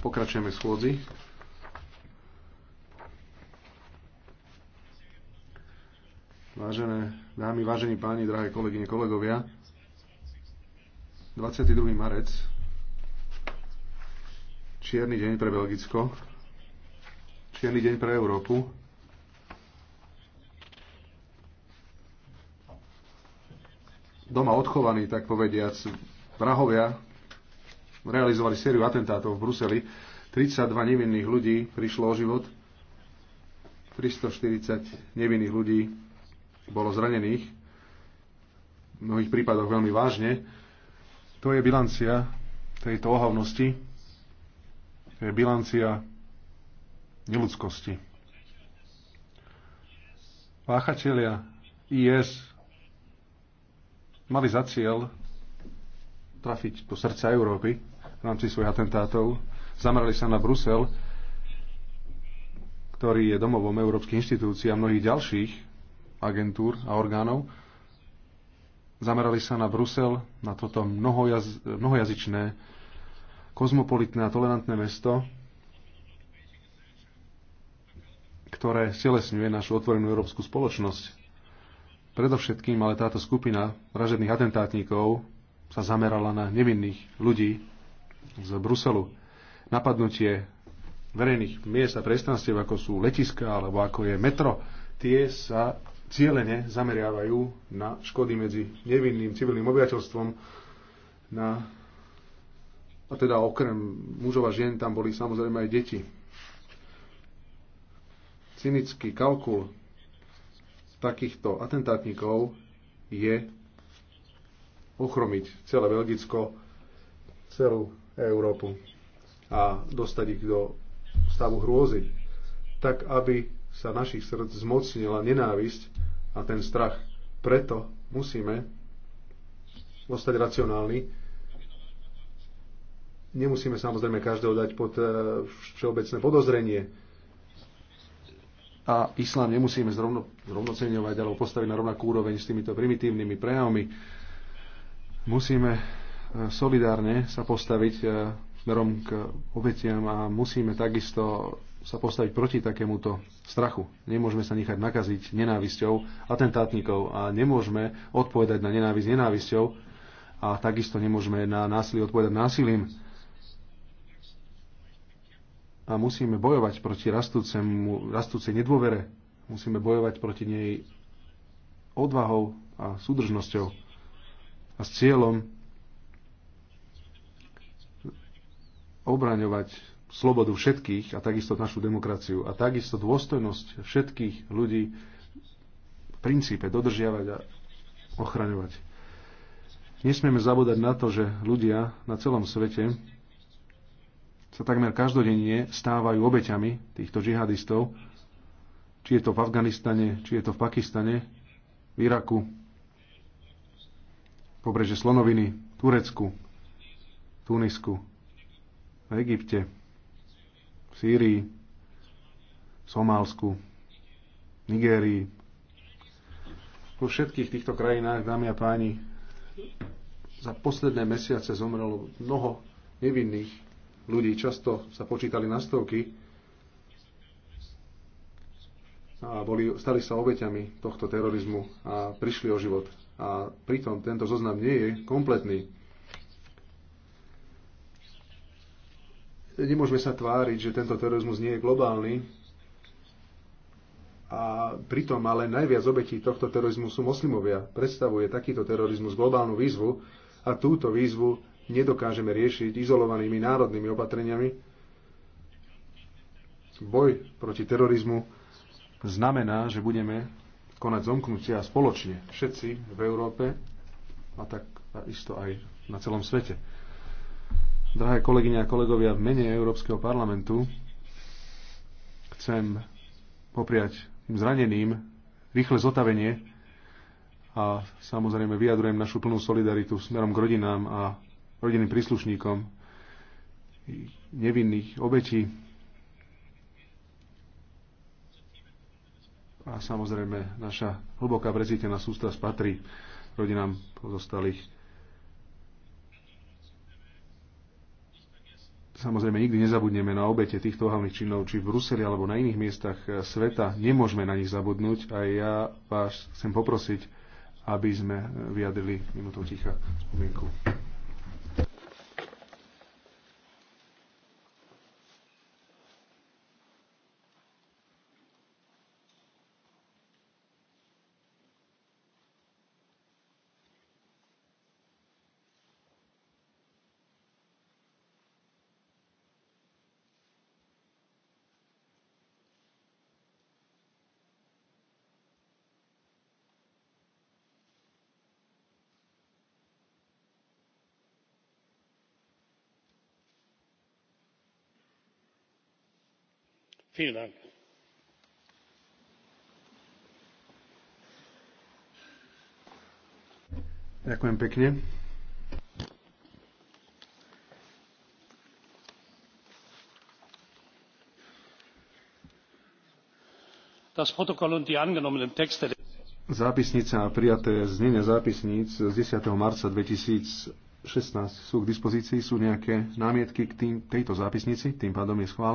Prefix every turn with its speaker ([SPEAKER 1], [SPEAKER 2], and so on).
[SPEAKER 1] Pokračujeme schôdzi. Vážené dámy, vážení páni, drahé kolegyne, kolegovia, 22. marec, čierny deň pre Belgicko, čierny deň pre Európu, doma odchovaní, tak povediac, vrahovia realizovali sériu atentátov v Bruseli. 32 nevinných ľudí prišlo o život, 340 nevinných ľudí bolo zranených, v mnohých prípadoch veľmi vážne. To je bilancia tejto ohavnosti, to je bilancia neludskosti. Páchatelia IS mali za cieľ trafiť do srdca Európy, v rámci svojich atentátov. Zamerali sa na Brusel, ktorý je domovom Európskej inštitúcií a mnohých ďalších agentúr a orgánov. Zamerali sa na Brusel, na toto mnohojaz, mnohojazyčné, kozmopolitné a tolerantné mesto, ktoré stelesňuje našu otvorenú európsku spoločnosť. Predovšetkým ale táto skupina vražedných atentátníkov sa zamerala na nevinných ľudí, z Bruselu. Napadnutie verejných miest a priestranstiev, ako sú letiska alebo ako je metro, tie sa cieľene zameriavajú na škody medzi nevinným civilným obyvateľstvom. Na, a teda okrem mužov a žien tam boli samozrejme aj deti. Cynický kalkul takýchto atentátnikov je ochromiť celé Belgicko, celú Európu a dostať ich do stavu hrôzy, tak aby sa našich srdc zmocnila nenávisť a ten strach. Preto musíme ostať racionálni. Nemusíme samozrejme každého dať pod eh, všeobecné podozrenie, a islám nemusíme zrovno, zrovnoceňovať alebo postaviť na rovnakú úroveň s týmito primitívnymi prejavmi. Musíme solidárne sa postaviť e, smerom k obetiam a musíme takisto sa postaviť proti takémuto strachu. Nemôžeme sa nechať nakaziť nenávisťou atentátnikov a nemôžeme odpovedať na nenávisť nenávisťou a takisto nemôžeme na násilie odpovedať násilím. A musíme bojovať proti rastúcemu, rastúcej nedôvere. Musíme bojovať proti nej odvahou a súdržnosťou a s cieľom obraňovať slobodu všetkých a takisto našu demokraciu a takisto dôstojnosť všetkých ľudí v princípe dodržiavať a ochraňovať. Nesmieme zabúdať na to, že ľudia na celom svete sa takmer každodenne stávajú obeťami týchto džihadistov, či je to v Afganistane, či je to v Pakistane, v Iraku, pobreže Slonoviny, Turecku, Tunisku, v Egypte, v Sýrii, v Somálsku, Nigérii. Vo všetkých týchto krajinách, dámy a páni, za posledné mesiace zomrelo mnoho nevinných ľudí. Často sa počítali na stovky a boli, stali sa obeťami tohto terorizmu a prišli o život. A pritom tento zoznam nie je kompletný Nemôžeme sa tváriť, že tento terorizmus nie je globálny. A pritom ale najviac obetí tohto terorizmu sú moslimovia. Predstavuje takýto terorizmus globálnu výzvu a túto výzvu nedokážeme riešiť izolovanými národnými opatreniami. Boj proti terorizmu znamená, že budeme konať zomknutia spoločne všetci v Európe a tak isto aj na celom svete. Drahé kolegyne a kolegovia, v mene Európskeho parlamentu chcem popriať zraneným rýchle zotavenie a samozrejme vyjadrujem našu plnú solidaritu smerom k rodinám a rodinným príslušníkom nevinných obetí a samozrejme naša hlboká prezítená sústrasť patrí rodinám pozostalých Samozrejme, nikdy nezabudneme na obete týchto ohavných činov, či v Bruseli alebo na iných miestach eh, sveta. Nemôžeme na nich zabudnúť a ja vás chcem poprosiť, aby sme eh, vyjadrili minútou ticha spomienku. vielen Ďakujem pekne. Zápisnice a prijaté znenie zápisníc z 10. marca 2016 sú k dispozícii. Sú nejaké námietky k tým, tejto zápisnici? Tým pádom je schválená.